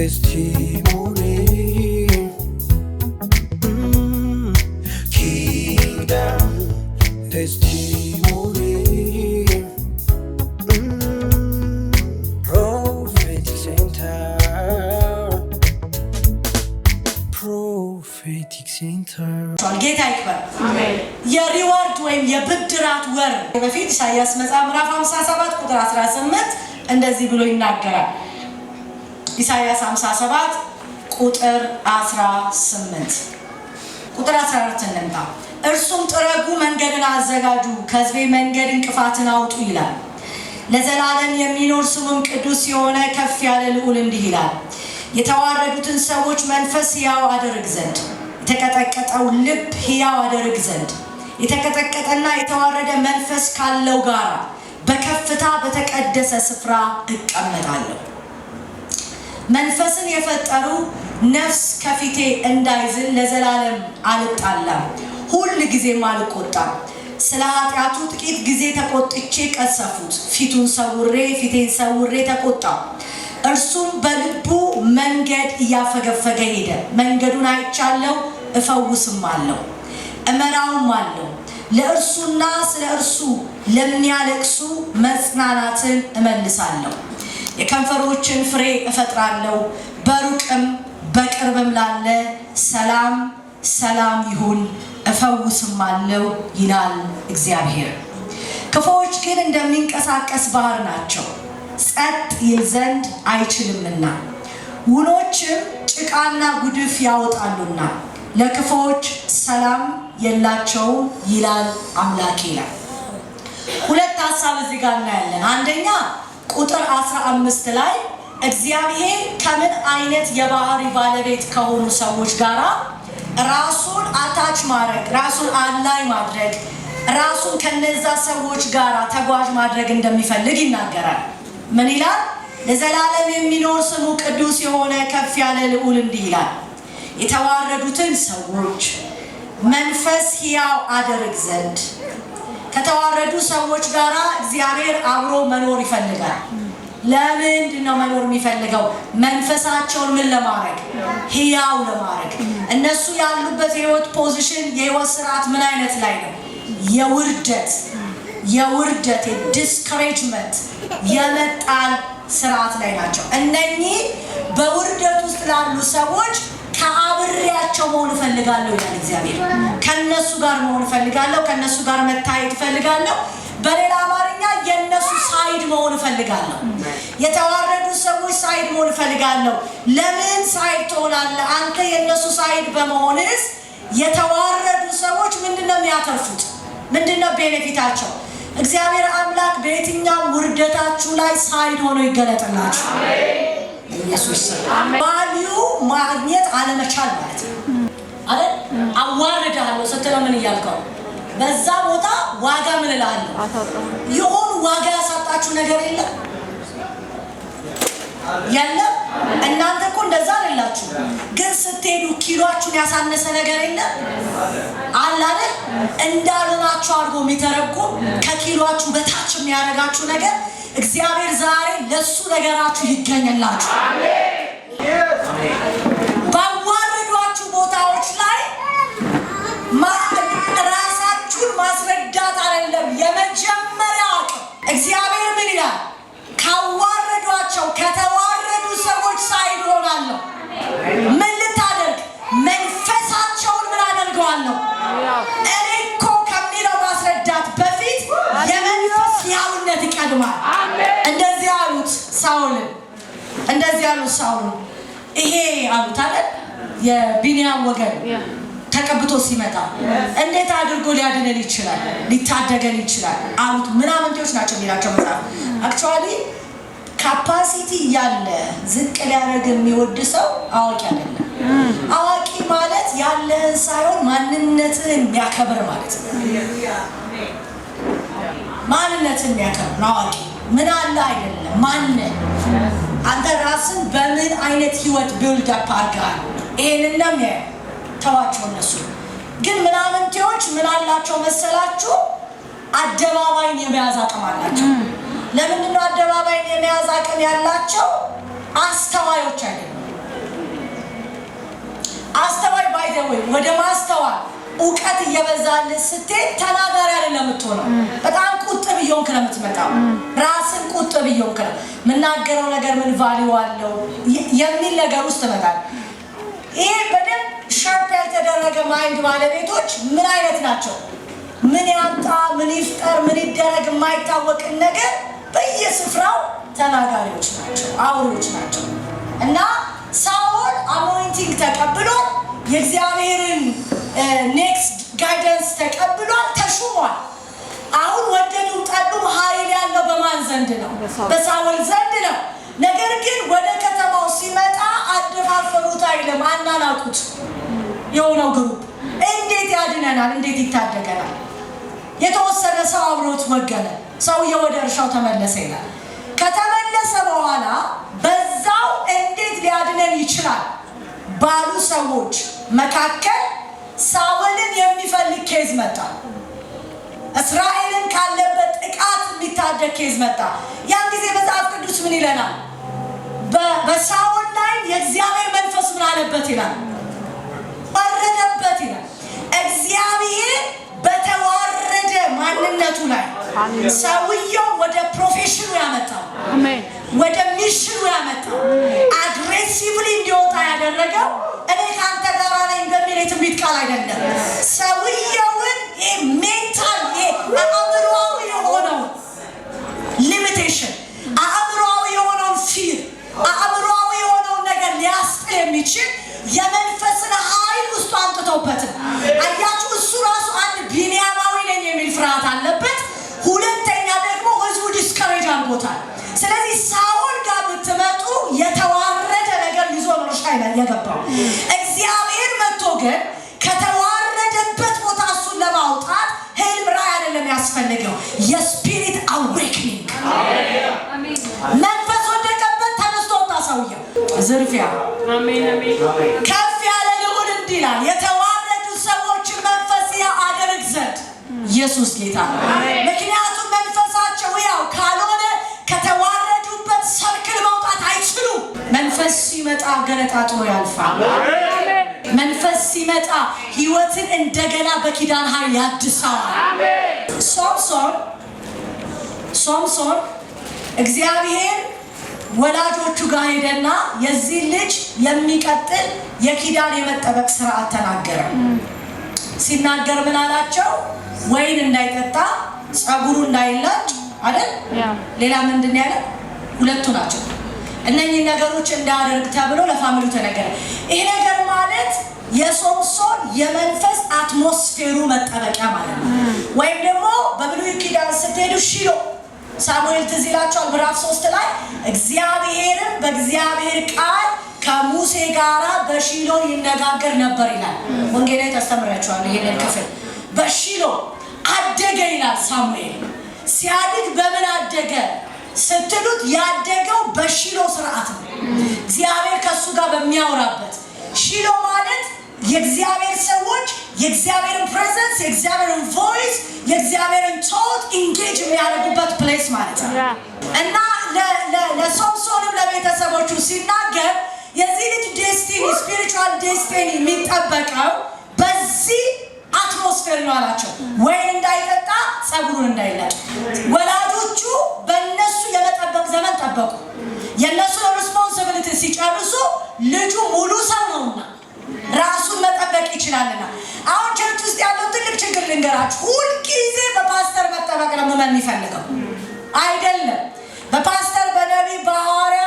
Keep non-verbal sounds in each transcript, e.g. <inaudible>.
testimony. Mm. Kingdom testimony. Mm. Prophet Center. Prophetic Center. ጌታ ይክበር። የሪዋርድ ወይም የብድራት ወር በፊት ኢሳያስ መጽሐፍ ምዕራፍ 57 ቁጥር 18 እንደዚህ ብሎ ይናገራል። ኢሳያስ 57 ቁጥር 18 ቁጥር 14 እንምጣ። እርሱም ጥረጉ፣ መንገድን አዘጋጁ፣ ከህዝቤ መንገድ እንቅፋትን አውጡ ይላል። ለዘላለም የሚኖር ስሙም ቅዱስ የሆነ ከፍ ያለ ልዑል እንዲህ ይላል የተዋረዱትን ሰዎች መንፈስ ሕያው አደርግ ዘንድ የተቀጠቀጠው ልብ ሕያው አደርግ ዘንድ የተቀጠቀጠና የተዋረደ መንፈስ ካለው ጋር በከፍታ በተቀደሰ ስፍራ እቀመጣለሁ። መንፈስን የፈጠሩ ነፍስ ከፊቴ እንዳይዝል ለዘላለም አልጣላም፣ ሁል ጊዜም አልቆጣም። ስለ ኃጢአቱ ጥቂት ጊዜ ተቆጥቼ ቀሰፉት፣ ፊቱን ሰውሬ ፊቴን ሰውሬ ተቆጣ። እርሱም በልቡ መንገድ እያፈገፈገ ሄደ። መንገዱን አይቻለው፣ እፈውስም አለው፣ እመራውም አለው። ለእርሱና ስለ እርሱ ለሚያለቅሱ መጽናናትን እመልሳለሁ። የከንፈሮችን ፍሬ እፈጥራለሁ። በሩቅም በቅርብም ላለ ሰላም ሰላም ይሁን እፈውስም አለው ይላል እግዚአብሔር። ክፉዎች ግን እንደሚንቀሳቀስ ባህር ናቸው፣ ጸጥ ይል ዘንድ አይችልምና ውኖችም ጭቃና ጉድፍ ያወጣሉና ለክፉዎች ሰላም የላቸው ይላል አምላኬ። ይላል ሁለት ሀሳብ እዚህ ጋር እናያለን። አንደኛ ቁጥር 15 ላይ እግዚአብሔር ከምን አይነት የባህሪ ባለቤት ከሆኑ ሰዎች ጋር ራሱን አታች ማድረግ ራሱን አላይ ማድረግ ራሱን ከነዛ ሰዎች ጋር ተጓዥ ማድረግ እንደሚፈልግ ይናገራል። ምን ይላል? ለዘላለም የሚኖር ስሙ ቅዱስ የሆነ ከፍ ያለ ልዑል እንዲህ ይላል፣ የተዋረዱትን ሰዎች መንፈስ ሕያው አደርግ ዘንድ ከተዋረዱ ሰዎች ጋራ እግዚአብሔር አብሮ መኖር ይፈልጋል። ለምንድን ነው መኖር የሚፈልገው? መንፈሳቸውን ምን ለማድረግ ህያው ለማድረግ። እነሱ ያሉበት የህይወት ፖዚሽን የህይወት ስርዓት ምን አይነት ላይ ነው? የውርደት የውርደት የዲስከሬጅመንት የመጣል ስርዓት ላይ ናቸው። እነኚህ በውርደት ውስጥ ላሉ ሰዎች አብሬያቸው መሆን እፈልጋለሁ ይላል እግዚአብሔር። ከነሱ ጋር መሆን እፈልጋለሁ፣ ከነሱ ጋር መታየት እፈልጋለሁ። በሌላ አማርኛ የእነሱ ሳይድ መሆን እፈልጋለሁ። የተዋረዱ ሰዎች ሳይድ መሆን እፈልጋለሁ። ለምን ሳይድ ትሆናለህ አንተ? የእነሱ ሳይድ በመሆንስ የተዋረዱ ሰዎች ምንድን ነው የሚያተርፉት? ምንድን ነው ቤኔፊታቸው? እግዚአብሔር አምላክ በየትኛው ውርደታችሁ ላይ ሳይድ ሆኖ ይገለጥላችሁ። ኢየሱስ ቫሊዩ ማግኘት አለመቻል ማለት ነው አይደል? አዋርድሃለሁ ስትለው ምን እያልከው? በዛ ቦታ ዋጋ ምን እልሃለሁ? የሆኑ ዋጋ ያሳጣችሁ ነገር የለም የለም። እናንተ እኮ እንደዛ አይደላችሁ፣ ግን ስትሄዱ ኪሏችሁን ያሳነሰ ነገር የለም አለ አይደል? አድርጎ የሚተረጉ ከኪሏችሁ በታች የሚያደርጋችሁ ነገር እግዚአብሔር ዛሬ ለእሱ ነገራችሁ ይገኝላችሁ። ባዋረዷችሁ ቦታዎች ላይ ራሳችሁን ማስረዳት አይደለም የመጀመሪያ አቅም እግዚአብሔር እያሉ ሳውሩ ይሄ አሉት አይደል የቢንያም ወገን ተቀብቶ ሲመጣ እንዴት አድርጎ ሊያድነን ይችላል ሊታደገን ይችላል አሉት። ምናምንቴዎች ናቸው የሚላቸው መጽሐፍ አክቹዋሊ ካፓሲቲ ያለ ዝቅ ሊያደርግ የሚወድ ሰው አዋቂ አይደለም። አዋቂ ማለት ያለህን ሳይሆን ማንነትህን የሚያከብር ማለት ነው። ማንነትህን የሚያከብር አዋቂ ምን አለ አይደለም ማንን አንተ ራስን በምን አይነት ህይወት ቢውልድ አፕ አድርገሃል? ይሄንን ተዋቸው። እነሱ ግን ምናምንቴዎች ምን አላቸው መሰላችሁ? አደባባይን የመያዝ አቅም አላቸው። ለምንድነው አደባባይን የመያዝ አቅም ያላቸው? አስተዋዮች አይደለም። አስተዋይ ባይደወይ ወደ ማስተዋል እውቀት እየበዛልህ ስትሄድ ተናጋሪ አይደለም የምትሆነው። በጣም ቁጥብ እየሆንክ ነው የምትመጣው። ራስን ቁጥብ እየሆንክ ነው የምናገረው ነገር ምን ቫሊው አለው የሚል ነገር ውስጥ ትመጣል። ይሄ በደንብ ሻርፕ ያልተደረገ ማይንድ ባለቤቶች ምን አይነት ናቸው? ምን ያምጣ፣ ምን ይፍጠር፣ ምን ይደረግ የማይታወቅን ነገር በየስፍራው ተናጋሪዎች ናቸው፣ አውሪዎች ናቸው እና ሳኦል አኖይንቲንግ ተቀብሎ የእግዚአብሔርን ኔክስት ጋይደንስ ተቀብሏል፣ ተሹሟል። አሁን ወደዱ ጠሉም ኃይል ያለው በማን ዘንድ ነው? በሳውል ዘንድ ነው። ነገር ግን ወደ ከተማው ሲመጣ አደፋፈሩት አይልም፣ አናናቁት። የሆነው ግሩፕ እንዴት ያድነናል? እንዴት ይታደገናል? የተወሰነ ሰው አብሮት ወገነ። ሰውየው ወደ እርሻው ተመለሰ ይላል። ከተመለሰ በኋላ በዛው እንዴት ሊያድነን ይችላል? ባሉ ሰዎች መካከል ሳውልን የሚፈልግ ኬዝ መጣ። እስራኤልን ካለበት ጥቃት የሚታደግ ኬዝ መጣ። ያን ጊዜ መጽሐፍ ቅዱስ ምን ይለናል? በሳውል ላይ የእግዚአብሔር መንፈስ ምን አለበት ይላል፣ ወረደበት ይላል እግዚአብሔር በተዋረደ ማንነቱ ላይ ሰውየው ወደ ፕሮፌሽኑ ያመጣው ወደ ሚሽኑ ያመጣው አግሬሲቭሊ እንዲወጣ ያደረገው እኔ ከአንተ ጋር ነኝ በሚል የትንቢት ቃል አይደለም። ሰውየውን ሜንታል አእምሮዊ የሆነው ሊሚቴሽን፣ አእምሮዊ የሆነውን ፊር፣ አእምሮዊ የሆነውን ነገር ሊያስጥል የሚችል የመንፈስን ኃይል ውስጡ አምጥተውበት ፍርሃት አለበት። ሁለተኛ ደግሞ ህዝቡ ዲስከሬጅ አድርጎታል። ስለዚህ ሳውል ጋር ብትመጡ የተዋረደ ነገር ይዞ ነው እርሻ የገባው። እግዚአብሔር መጥቶ ግን ከተዋረደበት ቦታ እሱን ለማውጣት ህልም ራዕይ አይደለም ያስፈልገው የስፒሪት አዌክኒንግ መንፈስ ወደቀበት ተነስቶ ወጣ ሰውየው ዝርፊያ ከፍ ያለ ልሁን እንዲላል የተዋ ኢየሱስ ጌታ ነው። ምክንያቱም መንፈሳቸው ያው ካልሆነ ከተዋረዱበት ሰርክል መውጣት አይችሉ። መንፈስ ሲመጣ ገለጣጥሎ ያልፋል። መንፈስ ሲመጣ ህይወትን እንደገና በኪዳን ኃይል ያድሰዋል። ሶምሶን ሶምሶን እግዚአብሔር ወላጆቹ ጋር ሄደና የዚህ ልጅ የሚቀጥል የኪዳን የመጠበቅ ስርዓት ተናገረ። ሲናገር ምን አላቸው? ወይን እንዳይጠጣ ጸጉሩ እንዳይላጭ አይደል? ሌላ ምንድን ያለ ሁለቱ ናቸው። እነኚህ ነገሮች እንዳያደርግ ተብሎ ለፋሚሉ ተነገረ። ይሄ ነገር ማለት የሶምሶን የመንፈስ አትሞስፌሩ መጠበቂያ ማለት ነው። ወይም ደግሞ በብሉይ ኪዳን ስትሄዱ ሺሎ ሳሙኤል ትዝ ይላቸዋል። ምዕራፍ ሶስት ላይ እግዚአብሔርም በእግዚአብሔር ቃል ከሙሴ ጋራ በሺሎ ይነጋገር ነበር ይላል። ወንጌላዊ ታስተምራቸዋል ይህንን ክፍል በሺሎ አደገ ይላል ሳሙኤል። ሲያድግ በምን አደገ ስትሉት ያደገው በሺሎ ስርዓት ነው። እግዚአብሔር ከእሱ ጋር በሚያወራበት ሺሎ ማለት የእግዚአብሔር ሰዎች የእግዚአብሔርን ፕሬዘንስ፣ የእግዚአብሔርን ቮይስ፣ የእግዚአብሔርን ቶት ኢንጌጅ የሚያደርጉበት ፕሌስ ማለት ነው እና ለሶምሶንም ለቤተሰቦቹ ሲናገር የዚህ ልጅ ዴስቲኒ ስፒሪቹዋል ዴስቲኒ የሚጠበቀው በዚህ አትሞስፌር ነው አላቸው። ወይን እንዳይጠጣ ጸጉሩን እንዳይላጭ ወላጆቹ በእነሱ የመጠበቅ ዘመን ጠበቁ። የእነሱን ሪስፖንሲቢሊቲ ሲጨርሱ ልጁ ሙሉ ሰው ነውና ራሱን መጠበቅ ይችላልና። አሁን ቸርች ውስጥ ያለው ትልቅ ችግር ልንገራችሁ። ሁልጊዜ በፓስተር መጠበቅ ነው መመን የሚፈልገው አይደለም። በፓስተር በነቢ በሐዋርያ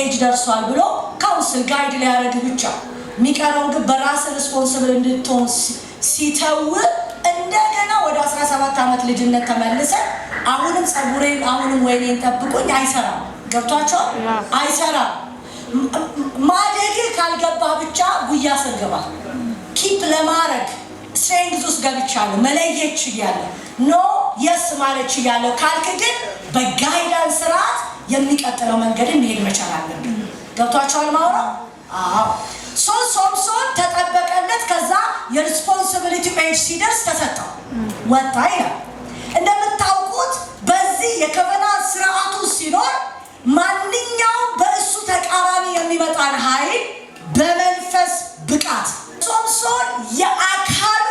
ኤጅ ደርሷል ብሎ ካውንስል ጋይድ ሊያደርግ ብቻ የሚቀረው ግን በራስ ሪስፖንስብል እንድትሆን ሲተው እንደገና ወደ 17 ዓመት ልጅነት ተመልሰ አሁንም ጸጉሬን አሁንም ወይኔን ጠብቆኝ አይሰራም። ገብቷቸው አይሰራም። ማደግ ካልገባ ብቻ ጉያ ስር ኪፕ ለማድረግ ስትሬንግዝ ውስጥ ገብቻለሁ መለየች እያለ ኖ የስ ማለች እያለው ካልክ ግን በጋይዳንስ ስርዓት የሚቀጥለው መንገድ መሄድ መቻል አለብን። ገብቷቸዋል ማውራ አዎ ሶምሶን ተጠበቀለት። ከዛ የሪስፖንሲቢሊቲ ኤጅ ሲደርስ ተሰጠው ወጣ ይላል። እንደምታውቁት በዚህ የከበና ስርዓቱ ሲኖር ማንኛውም በእሱ ተቃራኒ የሚመጣን ኃይል በመንፈስ ብቃት ሶምሶን የአካሉ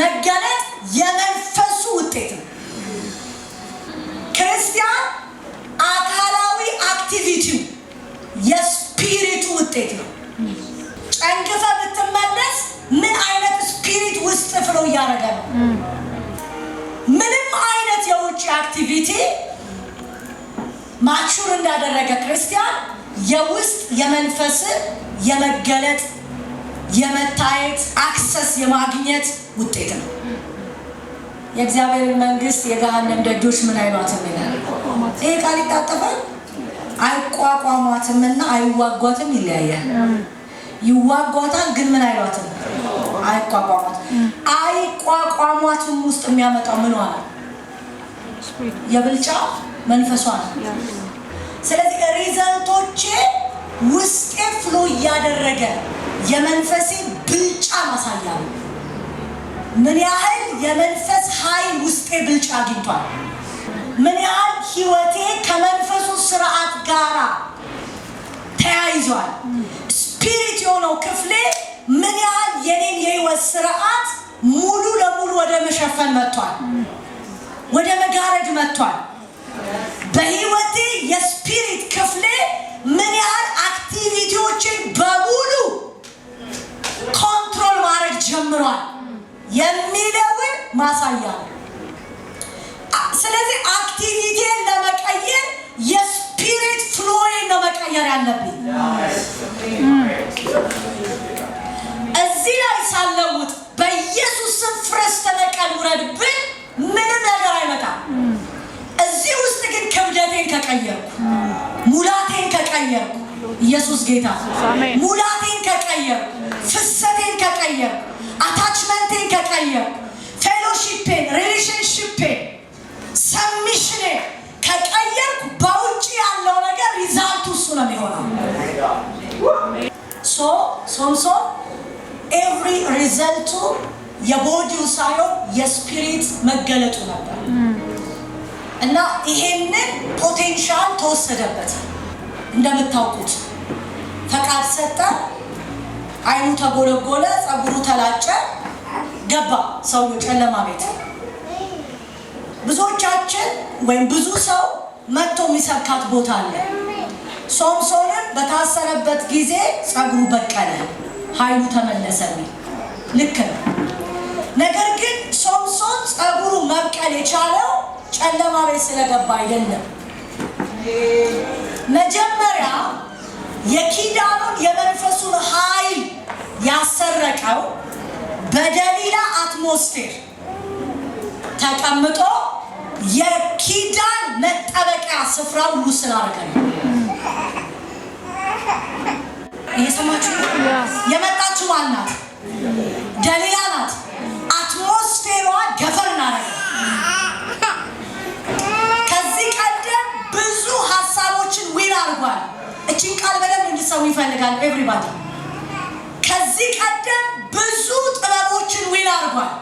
መገለጥ የመንፈሱ ውጤት ነው ክርስቲያን አካላዊ አክቲቪቲው የስፒሪቱ ውጤት ነው። ጨንግፈ ብትመለስ ምን አይነት ስፒሪት ውስጥ ፍሎ እያደረገ ነው? ምንም አይነት የውጭ አክቲቪቲ ማቹር እንዳደረገ ክርስቲያን የውስጥ የመንፈስ የመገለጥ የመታየት አክሰስ የማግኘት ውጤት ነው። የእግዚአብሔር መንግስት የገሃነም ደጆች ምን አይሏትም ይላል። ይሄ ቃል ይታጠፋል። አይቋቋሟትም አይዋጓትም ይለያያል። ይዋጓታል ግን ምን አይሏትም፣ አይቋቋሟት። አይቋቋሟትም ውስጥ የሚያመጣው ምን ሆነ? የብልጫ መንፈሷ ነው። ስለዚህ ሪዘልቶቼ ውስጤ ፍሎ እያደረገ የመንፈሴ ብልጫ ማሳያ ነው። ምን ያህል የመንፈስ ኃይል ውስጤ ብልጫ አግኝቷል። ምን ያህል ህይወቴ ከመንፈሱ ስርዓት ጋር ተያይዟል። ስፒሪት የሆነው ክፍሌ ምን ያህል የኔን የህይወት ስርዓት ሙሉ ለሙሉ ወደ መሸፈን መጥቷል፣ ወደ መጋረድ መጥቷል። በህይወቴ የስፒሪት ክፍሌ ምን ያህል አክቲቪቲዎችን በሙሉ ኮንትሮል ማድረግ ጀምሯል የሚለውን ማሳያ ነው። ስለዚህ አክቲቪቲን ለመቀየር የስፒሪት ፍሎዬን ነው መቀየር ያለብኝ። እዚህ ላይ ሳለውጥ በኢየሱስ ስም ፍረስ ተነቀል ውረድብን፣ ምንም ነገር አይመጣም። እዚህ ውስጥ ግን ክብደቴን ከቀየርኩ፣ ሙላቴን ከቀየርኩ፣ ኢየሱስ ጌታ ሙላቴን ከቀየርኩ፣ ፍሰቴን ከቀየርኩ፣ አታችመንቴን ከቀየርኩ፣ ፌሎሺፔን ሪሌሽንሽፔን ሰሚሽኔ ከቀየርኩ በውጭ ያለው ነገር ሪዛልቱ እሱ ነው የሚሆነው። ሶ ሶምሶን ኤቭሪ ሪዘልቱ የቦዲው ሳይሆን የስፒሪት መገለጡ ነበር እና ይሄንን ፖቴንሻል ተወሰደበት። እንደምታውቁት ፈቃድ ሰጠ፣ አይኑ ተጎለጎለ፣ ጸጉሩ ተላጨ፣ ገባ ሰው ጨለማ ቤት ብዙዎቻችን ወይም ብዙ ሰው መጥቶ የሚሰካት ቦታ አለ። ሶምሶንን በታሰረበት ጊዜ ጸጉሩ በቀለ፣ ኃይሉ ተመለሰ ልክ ነው። ነገር ግን ሶምሶን ጸጉሩ መብቀል የቻለው ጨለማ ቤት ስለገባ አይደለም። መጀመሪያ የኪዳኑን የመንፈሱን ኃይል ያሰረቀው በደሊላ አትሞስፌር ተቀምጦ የኪዳን መጠበቂያ ስፍራ ሁሉ ስላደረገ ነው። እየሰማችሁ የመጣችሁ ዋናት ደሊላ ናት። አትሞስፌሯ ገፈር ናረገ። ከዚህ ቀደም ብዙ ሀሳቦችን ዊር አድርጓል። እችን ቃል በደንብ እንድሰው ይፈልጋል ኤቭሪባዲ። ከዚህ ቀደም ብዙ ጥበቦችን ዊር አድርጓል።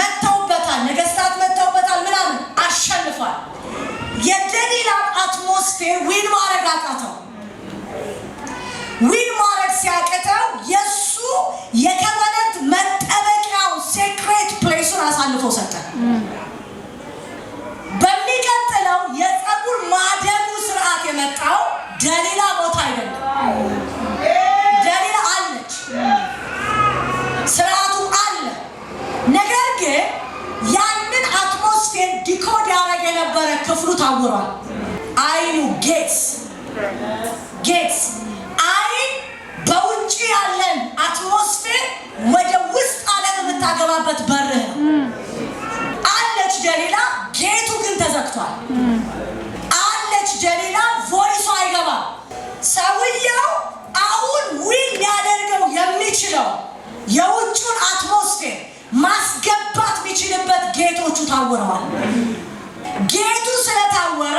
መጥተውበታል። ነገስታት መጥተው ይደርሳል ምናምን አሸንፏል። የደሊላን አትሞስፌር ዊን ማድረግ አቃተው። ዊን ማድረግ ሲያቅተው የእሱ የከበነት መጠበቂያው ሴክሬት ፕሌሱን አሳልፎ ሰጠ። በሚቀጥለው የፀጉር ማደጉ ስርዓት የመጣው ደሊላ ቦታ አይደለም። ታውሯል። አይኑ ጌትስ ጌትስ አይን በውጭ ያለን አትሞስፌር ወደ ውስጥ ዓለም የምታገባበት በርህ አለች ደሊላ ጌቱ ግን ተዘግቷል አለች ደሊላ ቮይሱ አይገባም። ሰውየው አሁን ዊል ሊያደርገው የሚችለው የውጩን አትሞስፌር ማስገባት የሚችልበት ጌቶቹ ታውረዋል። ጌቱ ስለታወረ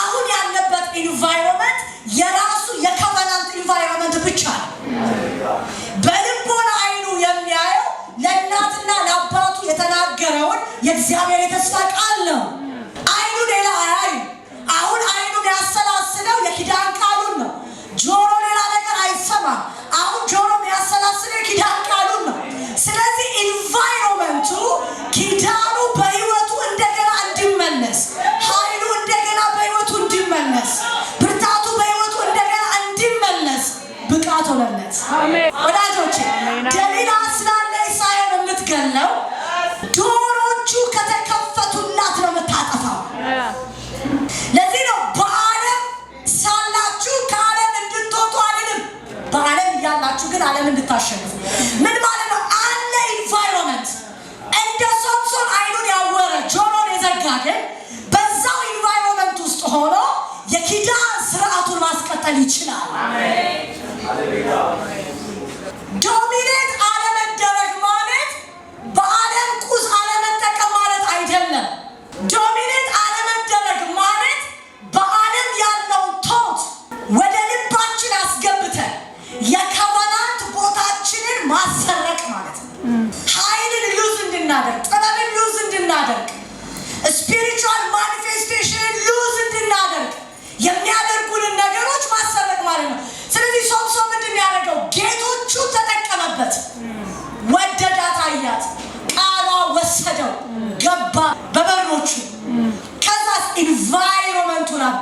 አሁን ያለበት ኢንቫይሮመንት የራሱ የከቨናንት ኢንቫይሮመንት ብቻ ነው። በልቦና አይኑ የሚያየው ለእናትና ለአባቱ የተናገረውን የእግዚአብሔር የተስፋ ቃል ነው። አይኑ ሌላ አያዩ። አሁን አይኑ ያሰላስለው የኪዳ እንድታሸንፉ ምን ማለት ነው? አለ ኢንቫይሮንመንት እንደ ሶምሶን አይኑን ያወረ ጆሮን የዘጋ ግን በዛው ኢንቫይሮንመንት ውስጥ ሆኖ የኪዳን ስርዓቱን ማስቀጠል ይችላል። ዶሚኔት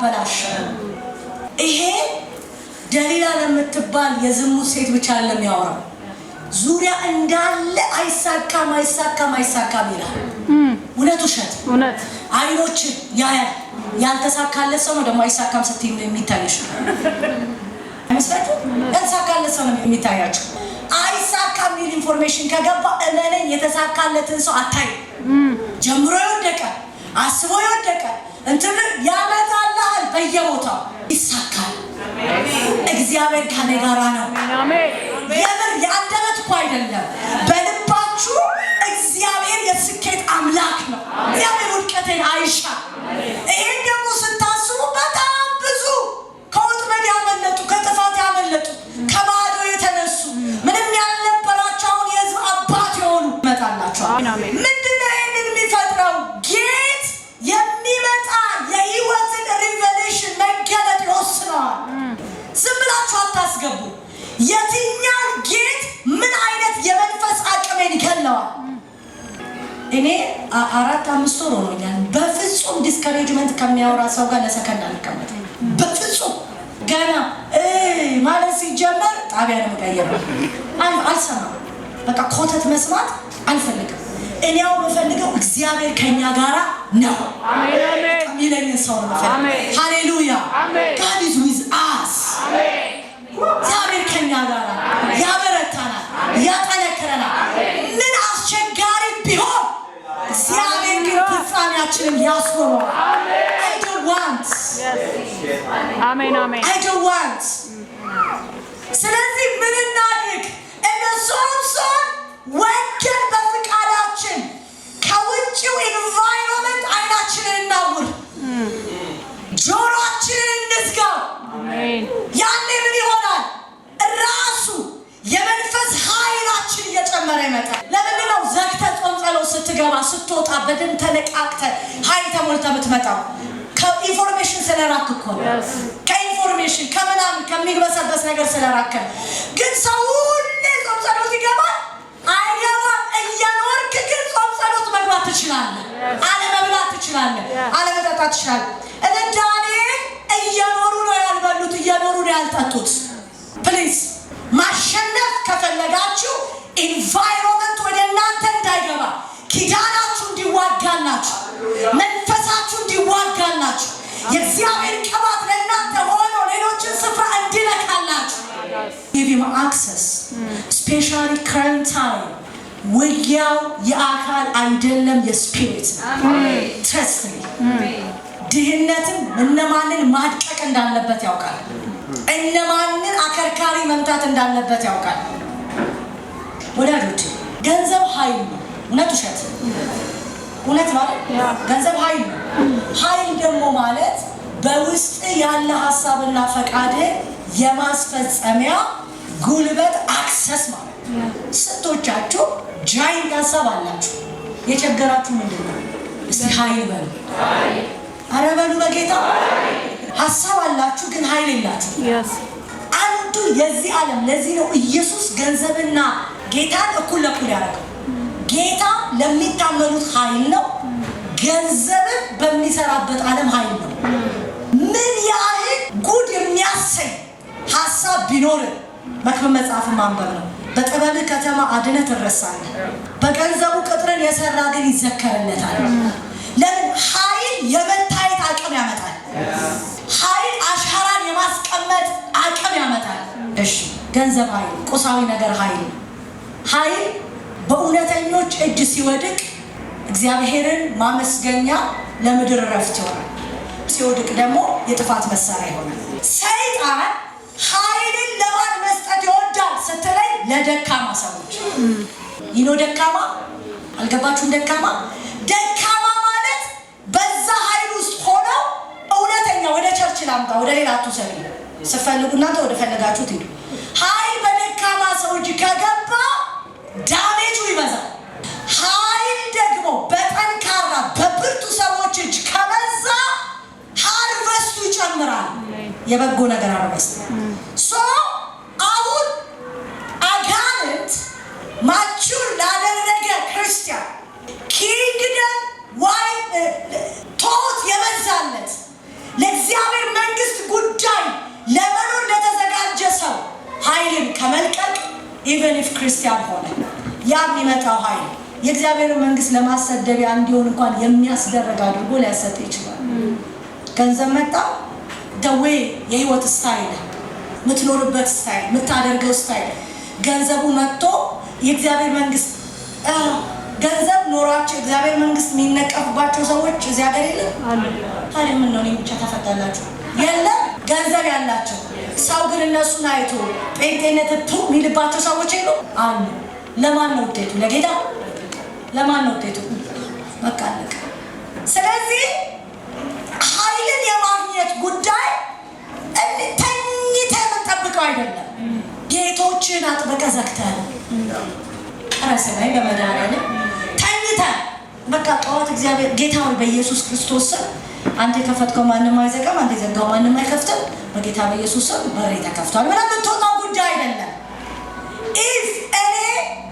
አላበላሸንም። ይሄ ደሊላ ለምትባል የዝሙት ሴት ብቻ ለሚያወራው ዙሪያ እንዳለ አይሳካም፣ አይሳካም፣ አይሳካም ይላል። እውነት ውሸት አይኖችን ያያል። ያልተሳካለት ሰው ነው ደግሞ አይሳካም ስትይ የሚታይሽ አይመስላችሁ? ያልተሳካለት ሰው ነው የሚታያቸው። አይሳካም የሚል ኢንፎርሜሽን ከገባ እመነኝ የተሳካለትን ሰው አታይ ጀምሮ የወደቀ አስቦ የወደቀ እንትን ያመጣልሃል። በየቦታው ይሳካል። እግዚአብሔር ከኔ ጋራ ነው። የምር የአንደበት እኮ አይደለም። በልባችሁ እግዚአብሔር የስኬት አምላክ ነው። እግዚአብሔር ውድቀቴን አይሻ። ይህን ደግሞ ስታስቡ በጣም ብዙ ከወጥመድ ያመለጡ፣ ከጥፋት ያመለጡ፣ ከባዶ የተነሱ ምንም ያልነበራቸው አሁን የህዝብ አባት የሆኑ ይመጣላቸዋል። ይሰራዋል። ዝም ብላችሁ አታስገቡ። የትኛው ጌት ምን አይነት የመንፈስ አቅሜን ይገለዋል? እኔ አራት አምስት ወር ሆኖኛል። በፍጹም ዲስከሬጅመንት ከሚያወራ ሰው ጋር ለሰከንድ አልቀመጥም። በፍጹም ገና ማለት ሲጀመር ጣቢያ ነው ቀየረ። አልሰማም። በቃ ኮተት መስማት አልፈልግም። እኔው የምፈልገው እግዚአብሔር ከኛ ጋራ ነው ሚለኝን ሰው ነው። ሃሌሉያ ጋድ ኢዝ ዊዝ አስ። እግዚአብሔር ከኛ ጋራ ያበረታናል፣ ያጠነክረናል። ምን አስቸጋሪ ቢሆን እግዚአብሔር ግን ፍጻሜያችንን ያስኖረዋል። አይ ዶንት ዋንት አሜን አሜን። አይ ዶንት ዋንት ስለዚህ ምን እናድርግ? እነሱ ሰውን ወንጀል ጆሮችንን እንዝጋው። ያኔ ምን ይሆናል? ራሱ የመንፈስ ኃይላችን እየጨመረ ይመጣል። ለምንድን ነው ዘግተህ ጾም ጸሎት ስትገባ ስትወጣ በደንብ ተነቃቅተህ ኃይል ተሞልተህ የምትመጣው? ከኢንፎርሜሽን ስለራክ እኮ ከኢንፎርሜሽን ከምናምን ከሚግበሰበስ ነገር ስለራክ ግን ሰው ሁሌ ጾም ጸሎት ይገባል መብላት ትችላለህ፣ አለመብላት ትችላለህ፣ አለመጠጣት ትችላለህ። እነ ዳንኤል እየኖሩ ነው ያልበሉት፣ እየኖሩ ነው ያልጠጡት። ፕሊዝ ማሸነፍ ከፈለጋችሁ ኢንቫይሮመንት ወደ እናንተ እንዳይገባ ኪዳናችሁ እንዲዋጋላችሁ፣ መንፈሳችሁ እንዲዋጋላችሁ፣ የእግዚአብሔር ቅባት ለእናንተ ሆኖ ሌሎችን ስፍራ እንዲለካላችሁ ጊቭ አክሰስ ስፔሻሊ ክራይም ታይም ውጊያው የአካል አይደለም፣ የስፒሪት ትረስት ድህነትን እነማንን ማድቀቅ እንዳለበት ያውቃል። እነማንን አከርካሪ መምታት እንዳለበት ያውቃል። ወዳጆች ገንዘብ ኃይል ነው። እውነት ውሸት፣ እውነት ማለት ገንዘብ ኃይል ነው። ኃይል ደግሞ ማለት በውስጥ ያለ ሀሳብና ፈቃድ የማስፈጸሚያ ጉልበት አክሰስ ማለት ስንቶቻችሁ ጃይንት ሀሳብ አላችሁ? የቸገራችሁ ምንድን ነው? እስቲ ኃይል በሉ። አረ በሉ በጌታ ሀሳብ አላችሁ፣ ግን ኃይል የላችሁ። አንዱ የዚህ ዓለም ለዚህ ነው ኢየሱስ ገንዘብና ጌታን እኩል ለኩል ያደረገው። ጌታ ለሚታመኑት ኃይል ነው፣ ገንዘብን በሚሰራበት ዓለም ኃይል ነው። ምን ያህል ጉድ የሚያሰኝ ሀሳብ ቢኖርን መክብብ መጽሐፍን ማንበብ ነው። በጥበብ ከተማ አድነት እረሳለ በገንዘቡ ቅጥርን የሰራ ግን ይዘከርለታል። ለምን ኃይል የመታየት አቅም ያመጣል። ኃይል አሻራን የማስቀመጥ አቅም ያመጣል። እሺ ገንዘብ ኃይል፣ ቁሳዊ ነገር ኃይል። ኃይል በእውነተኞች እጅ ሲወድቅ እግዚአብሔርን ማመስገኛ ለምድር ረፍት ይሆናል። ሲወድቅ ደግሞ የጥፋት መሳሪያ ይሆናል። ሰይጣን ኃይልን ለማን መስጠት ይወዳል ስትለ ለደካማ ሰዎች ይኖ ደካማ አልገባችሁም? ደካማ ደካማ ማለት በዛ ኃይል ውስጥ ሆነው እውነተኛ ወደ ቸርች ላምጣ፣ ወደ ሌላ አትውሰዱ። ስፈልጉ እናንተ ወደ ፈለጋችሁት ሄዱ። ኃይል በደካማ ሰው እጅ ከገባ ዳሜጁ ይበዛል። ኃይል ደግሞ በጠንካራ በብርቱ ሰዎች እጅ ከበዛ ሃርቨስቱ ይጨምራል። የበጎ ነገር አርበስት አሁን አጋንንት ማቹር ላደረገ ክርስቲያን ኪንግደም ዋይ ቶት የበዛለት ለእግዚአብሔር መንግስት ጉዳይ ለመኖር ለተዘጋጀ ሰው ኃይልን ከመልቀቅ ኢቨን ኢፍ ክርስቲያን ሆነ ያ የሚመጣው ኃይል የእግዚአብሔር መንግስት ለማሰደቢያ እንዲሆን እንኳን የሚያስደረግ አድርጎ ሊያሰጥ ይችላል። ገንዘብ መጣ ደዌ የህይወት ስታይል፣ የምትኖርበት ስታይል፣ ምታደርገው ስታይል ገንዘቡ መጥቶ የእግዚአብሔር መንግስት ገንዘብ ኖሯቸው እግዚአብሔር መንግስት የሚነቀፉባቸው ሰዎች እዚህ ሀገር የለም። ታዲያ ምን ነው ብቻ ተፈታላችሁ? የለም ገንዘብ ያላቸው ሰው ግን እነሱን አይቶ ጴንጤነት ቱ የሚልባቸው ሰዎች የሉ አሉ። ለማን ነው ውጤቱ? ለጌታ ለማን ነው ውጤቱ? መቃለቅ። ስለዚህ ኃይልን የማግኘት ጉዳይ ተኝተ የምንጠብቀው አይደለም። ጌቶችን አጥበቀ ዘግተን ራስ ላይ በመድኃኒዓለም ተኝተን በቃ ጠዋት እግዚአብሔር ጌታ በኢየሱስ ክርስቶስ ስም አንተ የከፈትከው ማንም አይዘጋም፣ አንተ የዘጋው ማንም አይከፍትም። በጌታ በኢየሱስ ስም በሬ ተከፍቷል። ምንም የምትወጣው ጉዳይ አይደለም። ኢፍ እኔ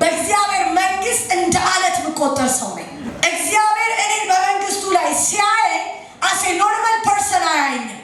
በእግዚአብሔር መንግስት እንደ አለት የምቆጠር ሰው ነኝ። እግዚአብሔር እኔ በመንግስቱ ላይ ሲያይ አሴ ኖርማል ፐርሰን አያይኝም።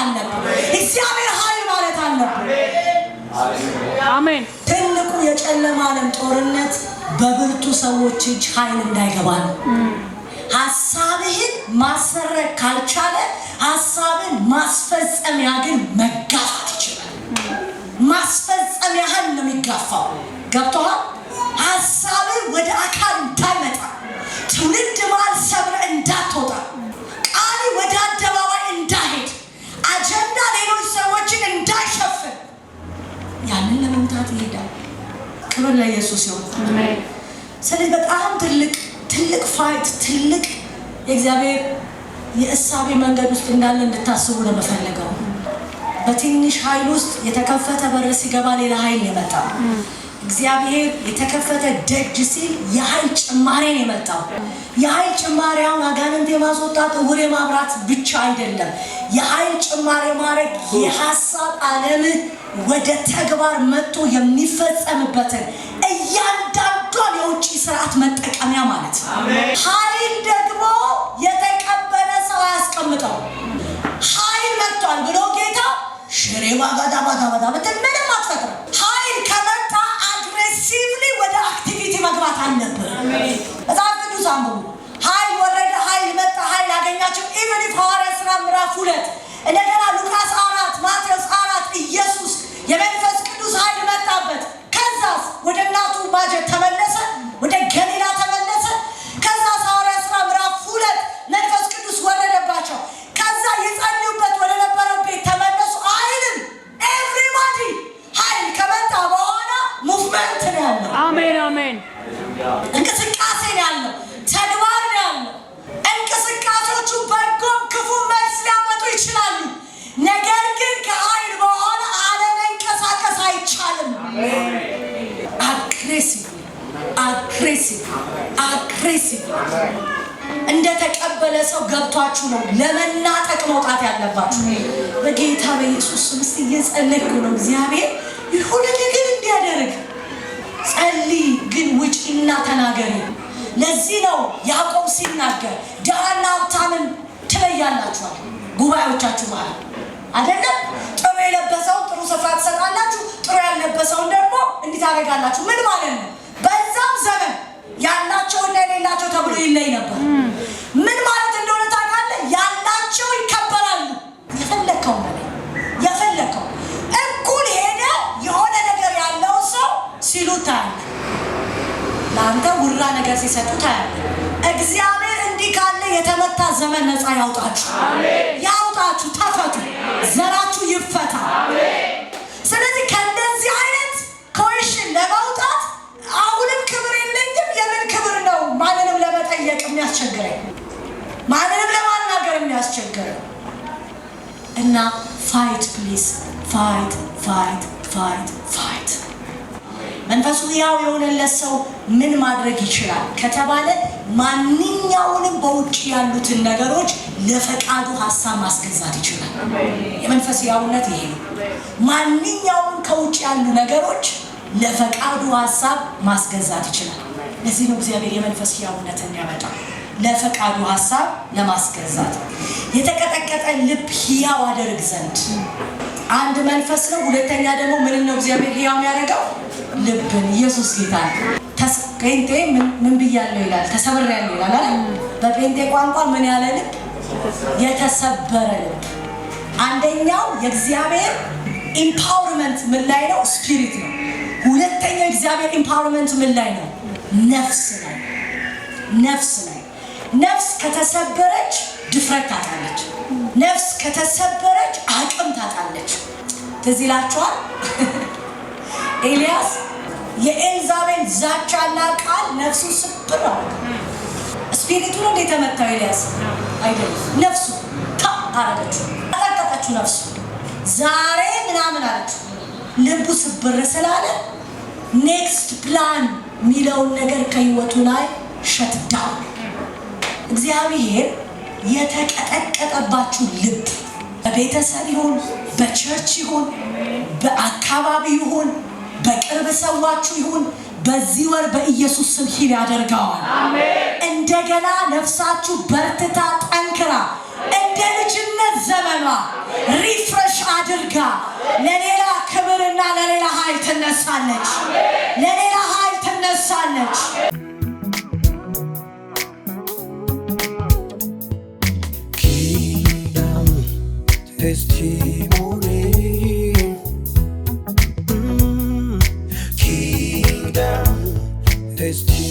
አለብን። እግዚአብሔር ኃይል ማለት አለብን። አሜን። ትልቁ የጨለማ ዓለም ጦርነት በብርቱ ሰዎች እጅ ኃይል እንዳይገባ ነው። ሀሳብህን ማስፈረግ ካልቻለ ሀሳብን ማስፈጸሚያ ግን መጋፋት ይችላል። ማስፈጸሚያ ያህል ነው የሚጋፋው። ገብቶሃል? ሀሳብን ወደ አካል እንዳይመጣ ትውልድ ማል ሰብረ እንዳትወጣ ያንን ለመምታት ይሄዳል። ክብር ለኢየሱስ ይሁን። ስለዚህ በጣም ትልቅ ትልቅ ፋይት ትልቅ የእግዚአብሔር የእሳቤ መንገድ ውስጥ እንዳለ እንድታስቡ ነው የምፈልገው። በትንሽ ኃይል ውስጥ የተከፈተ በር ሲገባ ሌላ ኃይል ይመጣል። እግዚአብሔር የተከፈተ ደጅ ሲል የኃይል ጭማሬ ነው የመጣው። የኃይል ጭማሬ አጋንንት የማስወጣት እውር የማብራት ብቻ አይደለም። የኃይል ጭማሬ ማድረግ የሀሳብ ዓለም ወደ ተግባር መጥቶ የሚፈጸምበትን እያንዳንዷን የውጭ ስርዓት መጠቀሚያ ማለት ነው። ኃይል ደግሞ የተቀበለ ሰው አያስቀምጠው። ኃይል መጥቷል ብሎ ጌታ ሽሬ ባጋዳ ባጋዳ ምንም መግባት አለብን። መጽሐፍ ቅዱስ አንብቡ። ኃይል ወረደ፣ ኃይል መጣ፣ ኃይል አገኛቸው። ኢቨን ሐዋርያ ስራ ምዕራፍ ሁለት እንደገና ሉቃስ አራት ማቴዎስ አራት ኢየሱስ የመንፈስ ቅዱስ ኃይል መጣበት። ከዛስ ወደ እናቱ ማጀት ተመለሰ ወደ ገ አሜን። እንቅስቃሴ ነው ያለው፣ ተግባር ነው ያለው። እንቅስቃሴዎቹ በጎ ክፉ መልስ ሊያመጡ ይችላሉ። ነገር ግን ከአይን አለመንቀሳቀስ አይቻልም። አግሬሲቭ አግሬሲቭ አግሬሲቭ እንደተቀበለ ሰው ገብቷችሁ ነው ለመናጠቅ መውጣት ያለባችሁ። በጌታ በኢየሱስ ስም እየጸለይኩ ነው እግዚአብሔር የሆነ ነገር እንዲያደርግ ጸልይ ግን ውጪና ተናገሪ። ለዚህ ነው ያዕቆብ ሲናገር ድሃና ሀብታምን ትለያላችኋል፣ ጉባኤዎቻችሁ ማለት አይደለም። ጥሩ የለበሰውን ጥሩ ስፍራ ትሰጣላችሁ፣ ጥሩ ያልለበሰውን ደግሞ እንዲህ ታደርጋላችሁ። ምን ማለት ነው? በዛም ዘመን ያላቸውና የሌላቸው ተብሎ ይለይ ነበር። ምን ማለት እንደሆነ ታውቃለህ? ያላቸው ይከበራል ዱላ ነገር ሲሰጡ ታያለ። እግዚአብሔር እንዲህ ካለ የተመታ ዘመን ነፃ ያውጣችሁ፣ ያውጣችሁ፣ ተፈቱ፣ ዘራችሁ ይፈታ። ስለዚህ ከእንደዚህ አይነት ኮሽን ለማውጣት አሁንም ክብር የለኝም። የምን ክብር ነው? ማንንም ለመጠየቅ የሚያስቸግረኝ ማንንም ለማናገር የሚያስቸግረኝ እና ፋይት ፕሊስ ፋይት ፋይት ፋይት ፋይት መንፈሱ ያው የሆነለት ሰው ምን ማድረግ ይችላል ከተባለ ማንኛውንም በውጭ ያሉትን ነገሮች ለፈቃዱ ሀሳብ ማስገዛት ይችላል። የመንፈስ ያውነት ይሄ ነው። ማንኛውም ከውጭ ያሉ ነገሮች ለፈቃዱ ሀሳብ ማስገዛት ይችላል። ለዚህ ነው እግዚአብሔር የመንፈስ ያውነትን ያመጣው ለፈቃዱ ሀሳብ ለማስገዛት የተቀጠቀጠ ልብ ህያው አደርግ ዘንድ አንድ መንፈስ ነው። ሁለተኛ ደግሞ ምን ነው እግዚአብሔር ሕያው የሚያደርገው ልብን። ኢየሱስ ጌታ ጴንጤ ምን ብያለሁ ይላል፣ ተሰብሬያለሁ ይላል አይደል? በጴንጤ ቋንቋ ምን ያለ ልብ? የተሰበረ ልብ። አንደኛው የእግዚአብሔር ኢምፓወርመንት ምን ላይ ነው? ስፒሪት ነው። ሁለተኛው የእግዚአብሔር ኢምፓወርመንት ምን ላይ ነው? ነፍስ ላይ ነፍስ ላይ ነፍስ ከተሰበረች ድፍረት ታጣለች። ነፍስ ከተሰበረች አቅም ታጣለች። ትዝ ይላችኋል <laughs> ኤልያስ የኤልዛቤል ዛቻና ቃል ነፍሱ ስብር አለ። ስፒሪቱ ነው የተመታው ኤልያስ አይደለም። ነፍሱ ታ አረገችው፣ አጠቀጠችው። ነፍሱ ዛሬ ምናምን አለች። ልቡ ስብር ስላለ ኔክስት ፕላን የሚለውን ነገር ከህይወቱ ላይ ሸትዳ እግዚአብሔር የተቀጠቀጠባችሁ ልብ በቤተሰብ ይሁን በቸርች ይሁን በአካባቢ ይሁን በቅርብ ሰዋችሁ ይሁን በዚህ ወር በኢየሱስ ስም ሂል ያደርገዋል። እንደገና ነፍሳችሁ በርትታ ጠንክራ እንደ ልጅነት ዘመኗ ሪፍረሽ አድርጋ ለሌላ ክብርና ለሌላ ኃይል ትነሳለች፣ ለሌላ ኃይል ትነሳለች። testimony. Mm. Kingdom testimony.